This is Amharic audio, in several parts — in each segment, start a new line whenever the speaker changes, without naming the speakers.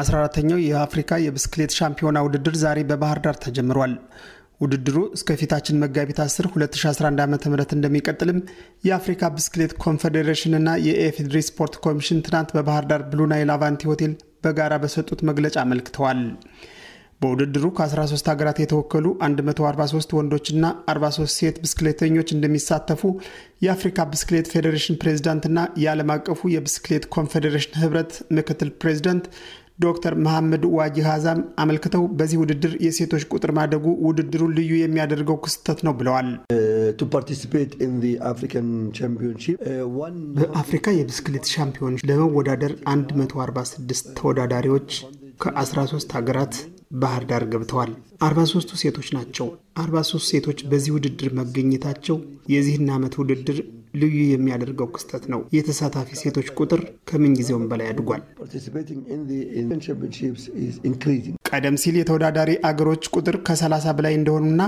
14ተኛው የአፍሪካ የብስክሌት ሻምፒዮና ውድድር ዛሬ በባህር ዳር ተጀምሯል። ውድድሩ እስከ ፊታችን መጋቢት 10 2011 ዓ ም እንደሚቀጥልም የአፍሪካ ብስክሌት ኮንፌዴሬሽንና የኤፌድሪ ስፖርት ኮሚሽን ትናንት በባህር ዳር ብሉናይል አቫንቲ ሆቴል በጋራ በሰጡት መግለጫ አመልክተዋል። በውድድሩ ከ13 ሀገራት የተወከሉ 143 ወንዶችና 43 ሴት ብስክሌተኞች እንደሚሳተፉ የአፍሪካ ብስክሌት ፌዴሬሽን ፕሬዝዳንትና የዓለም አቀፉ የብስክሌት ኮንፌዴሬሽን ህብረት ምክትል ፕሬዝዳንት ዶክተር መሐመድ ዋጂ ሀዛም አመልክተው በዚህ ውድድር የሴቶች ቁጥር ማደጉ ውድድሩን ልዩ የሚያደርገው ክስተት ነው ብለዋል። uh, uh, በአፍሪካ የብስክሌት ሻምፒዮን ለመወዳደር 146 ተወዳዳሪዎች ከ13 ሀገራት ባህር ዳር ገብተዋል። 43ቱ ሴቶች ናቸው። 43 ሴቶች በዚህ ውድድር መገኘታቸው የዚህን ዓመት ውድድር ልዩ የሚያደርገው ክስተት ነው። የተሳታፊ ሴቶች ቁጥር ከምንጊዜውም በላይ አድጓል። ቀደም ሲል የተወዳዳሪ አገሮች ቁጥር ከ30 በላይ እንደሆኑና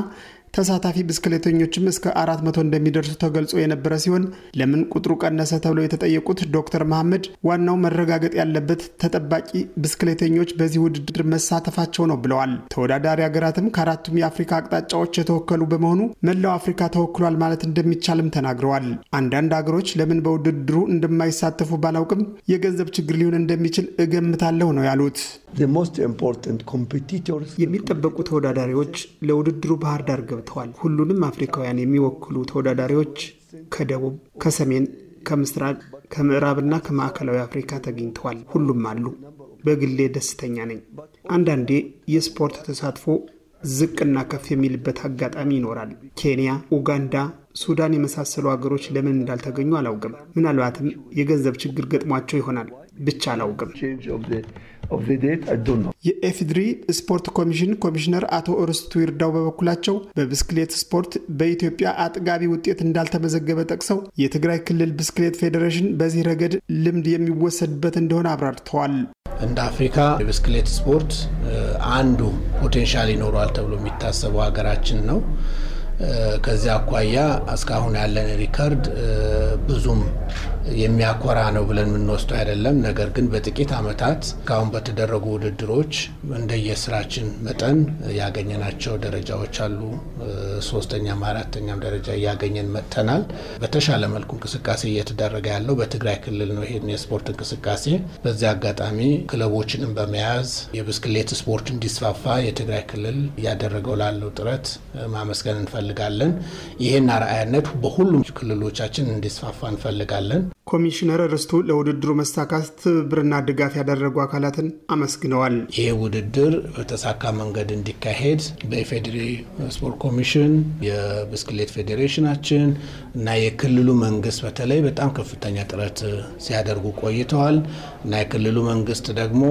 ተሳታፊ ብስክሌተኞችም እስከ አራት መቶ እንደሚደርሱ ተገልጾ የነበረ ሲሆን ለምን ቁጥሩ ቀነሰ ተብለው የተጠየቁት ዶክተር መሐመድ ዋናው መረጋገጥ ያለበት ተጠባቂ ብስክሌተኞች በዚህ ውድድር መሳተፋቸው ነው ብለዋል። ተወዳዳሪ ሀገራትም ከአራቱም የአፍሪካ አቅጣጫዎች የተወከሉ በመሆኑ መላው አፍሪካ ተወክሏል ማለት እንደሚቻልም ተናግረዋል። አንዳንድ ሀገሮች ለምን በውድድሩ እንደማይሳተፉ ባላውቅም የገንዘብ ችግር ሊሆን እንደሚችል እገምታለሁ ነው ያሉት። የሚጠበቁ ተወዳዳሪዎች ለውድድሩ ባህር ዳር ገብተዋል። ሁሉንም አፍሪካውያን የሚወክሉ ተወዳዳሪዎች ከደቡብ፣ ከሰሜን፣ ከምስራቅ፣ ከምዕራብና ከማዕከላዊ አፍሪካ ተገኝተዋል። ሁሉም አሉ። በግሌ ደስተኛ ነኝ። አንዳንዴ የስፖርት ተሳትፎ ዝቅና ከፍ የሚልበት አጋጣሚ ይኖራል። ኬንያ፣ ኡጋንዳ፣ ሱዳን የመሳሰሉ አገሮች ለምን እንዳልተገኙ አላውቅም። ምናልባትም የገንዘብ ችግር ገጥሟቸው ይሆናል። ብቻ አላውቅም። የኤፍድሪ ስፖርት ኮሚሽን ኮሚሽነር አቶ እርስቱ ይርዳው በበኩላቸው በብስክሌት ስፖርት በኢትዮጵያ አጥጋቢ ውጤት እንዳልተመዘገበ ጠቅሰው የትግራይ ክልል ብስክሌት ፌዴሬሽን በዚህ ረገድ ልምድ የሚወሰድበት እንደሆነ አብራርተዋል። እንደ አፍሪካ
የብስክሌት ስፖርት አንዱ ፖቴንሻል ይኖረዋል ተብሎ የሚታሰበው ሀገራችን ነው። ከዚያ አኳያ እስካሁን ያለን ሪከርድ ብዙም የሚያኮራ ነው ብለን የምንወስደው አይደለም። ነገር ግን በጥቂት ዓመታት እስካሁን በተደረጉ ውድድሮች እንደየስራችን መጠን ያገኘናቸው ደረጃዎች አሉ። ሶስተኛም አራተኛም ደረጃ እያገኘን መጥተናል። በተሻለ መልኩ እንቅስቃሴ እየተደረገ ያለው በትግራይ ክልል ነው። ይሄን የስፖርት እንቅስቃሴ በዚያ አጋጣሚ ክለቦችንም በመያዝ የብስክሌት ስፖርት እንዲስፋፋ የትግራይ ክልል እያደረገው ላለው ጥረት ማመስገን እንፈልጋለን። ይህን አርአያነት በሁሉም ክልሎቻችን እንዲስፋፋ እንፈልጋለን።
ኮሚሽነር ርስቱ ለውድድሩ መሳካት ትብብርና ድጋፍ ያደረጉ አካላትን
አመስግነዋል። ይህ ውድድር በተሳካ መንገድ እንዲካሄድ በኢፌዴሪ ስፖርት ኮሚሽን፣ የብስክሌት ፌዴሬሽናችን እና የክልሉ መንግስት በተለይ በጣም ከፍተኛ ጥረት ሲያደርጉ ቆይተዋል እና የክልሉ መንግስት ደግሞ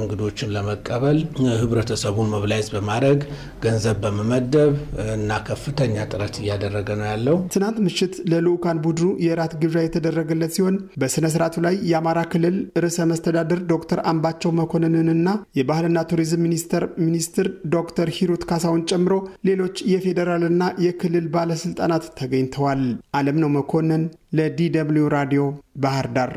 እንግዶችን ለመቀበል ህብረተሰቡን መብላይዝ በማድረግ ገንዘብ በመመደብ እና ከፍተኛ ጥረት እያደረገ ነው ያለው።
ትናንት ምሽት ለልኡካን ቡድኑ የራት ግብዣ የተደረገለት የሚገለጽ ሲሆን በሥነ ሥርዓቱ ላይ የአማራ ክልል ርዕሰ መስተዳድር ዶክተር አምባቸው መኮንንንና የባህልና ቱሪዝም ሚኒስቴር ሚኒስትር ዶክተር ሂሩት ካሳውን ጨምሮ ሌሎች የፌዴራልና የክልል ባለስልጣናት ተገኝተዋል። አለም ነው መኮንን ለዲ ደብልዩ ራዲዮ ባህር ዳር